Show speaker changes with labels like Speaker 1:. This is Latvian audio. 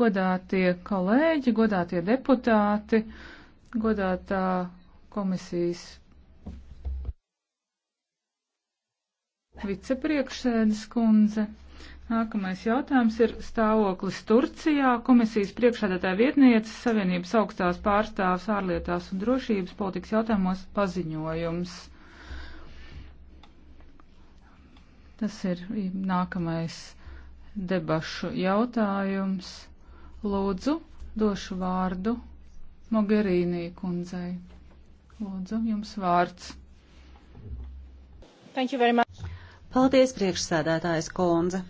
Speaker 1: Godātie kolēģi, godātie deputāti, godātā komisijas vicepriekšsēdes kundze. Nākamais jautājums ir stāvoklis Turcijā. Komisijas priekšādātāja vietniece Savienības augstās pārstāvs ārlietās un drošības politikas jautājumos paziņojums. Tas ir nākamais debašu jautājums. Lūdzu, došu vārdu Mogherīnī kundzei. Lūdzu, jums vārds.
Speaker 2: Paldies, priekšsēdētājs kundze.